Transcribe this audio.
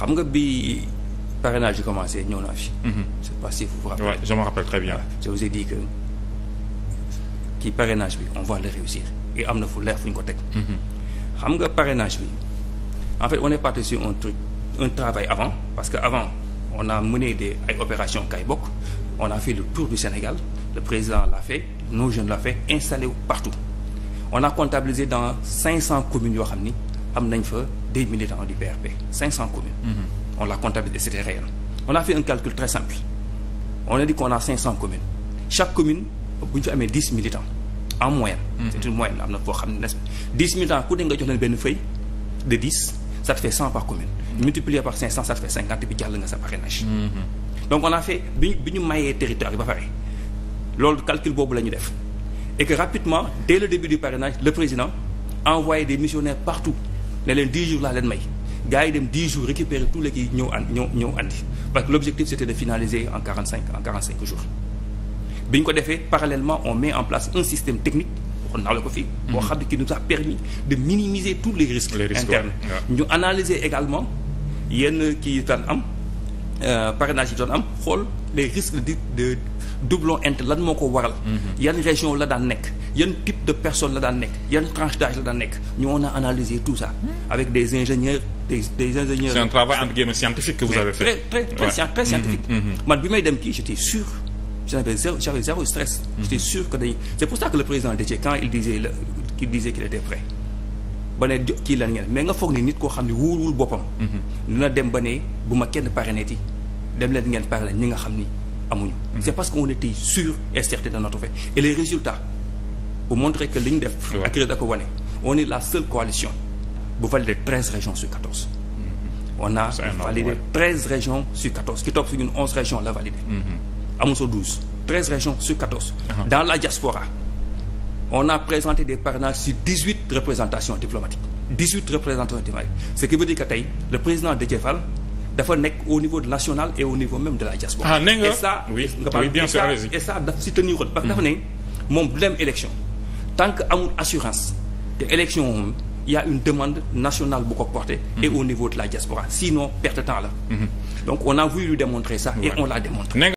xam nga bi parrainage yi commencé ñëw naa fi. je mhm. sais pas si vous vous rappelez. Ouais, rappelle très bien. je vous ai dit que kii parrainage bi on va le réussir et am na fu leer fu ñu ko teg. Mhm. xam nga parrainage bi en fait on est parti sur un truc un travail avant parce que avant on a mené des ay opérations kay bokk on a fait le tour du Sénégal le président l'a fait no jeunes l'a fait installé partout on a comptabilisé dans cinq cent communes yoo xam ni am nañ fa. des militants du PRP 500 communes. Mm on l'a comptabilisé c'était on a fait un calcul très simple on a dit qu'on a 500 communes chaque commune bu ñu fi amee 10 militants en moyenne. Mhm. c'est une moyenne am na foo xam ne n'est-ce pas 10 militants ku ne nga jox leen benn feuille de 10 ça te fait 100 par commune. Mhm. multiplié par 500 ça te fait 50 bi jàll nga sa parrainage. Mhm. donc on a fait bi bi ñu mayee territoire ba pare loolu calcul boobu la def et que ne leen 10 jours laa leen may gars yi dem 10 jours récupérer tous les kii ñëw andi parce que l'objectif c'était de finaliser en 45 en 45 jours bi ñu ko defee parallèlement on met en place un système technique waxoon naa la ko fii mhm. boo xam ne qui nous a permis de minimiser tous les risques les risques ñu analyser également yenn kii daan am euh, parrainage yi doon am xool les risques de de doublon inter lan moo ko waral mhm. yan région la daan nekk yan type de personne la daan nekk yan tranche d'âge la daan nekk ñu on a analysé tout ça avec des ingénieurs des ingénieurs. c'est un travail entre guillemets scientifique que vous avez fait. Mm-hmm. Mm-hmm. man bi may dem kii j'étais sûr. Mm-hmm. j'étais sûr que dañuy c'est pour ça que le président Déthié quand il disait qu'il était prêt ba ne kii lan ngeen mais nga foog ni nit koo xam ne wóorul boppam. dina dem ba ne bu ma kenn parraineti dem leen ngeen parrainer ñi nga xam ni amuñu. c'est parce qu'on était sûr et certain de pour montrer que li ñu def. waaw ak da ko wane. on est la seule coalition bu valider treize régions sur quatorze. Mhm. on a validé treize régions sur quatorze si ñun onze régions la validé. Mhm. amul sa treize régions sur quatorze. Uh-huh. dans la diaspora on a présenté des parrainages sur dix-huit représentations diplomatiques dix-huit représentations diplomatiques ce qui veut dire que tey le président Déthié Fall dafa nekk au niveau national et au niveau même de la diaspora. Ah, daf si tenir rôle. parce tant que amul assurance te élection moom y a une demande nationale bu ko porter et mhm. au niveau de la diaspora sinon perte temps la mhm. donc on a voulu démontrer ça et on l'a démontré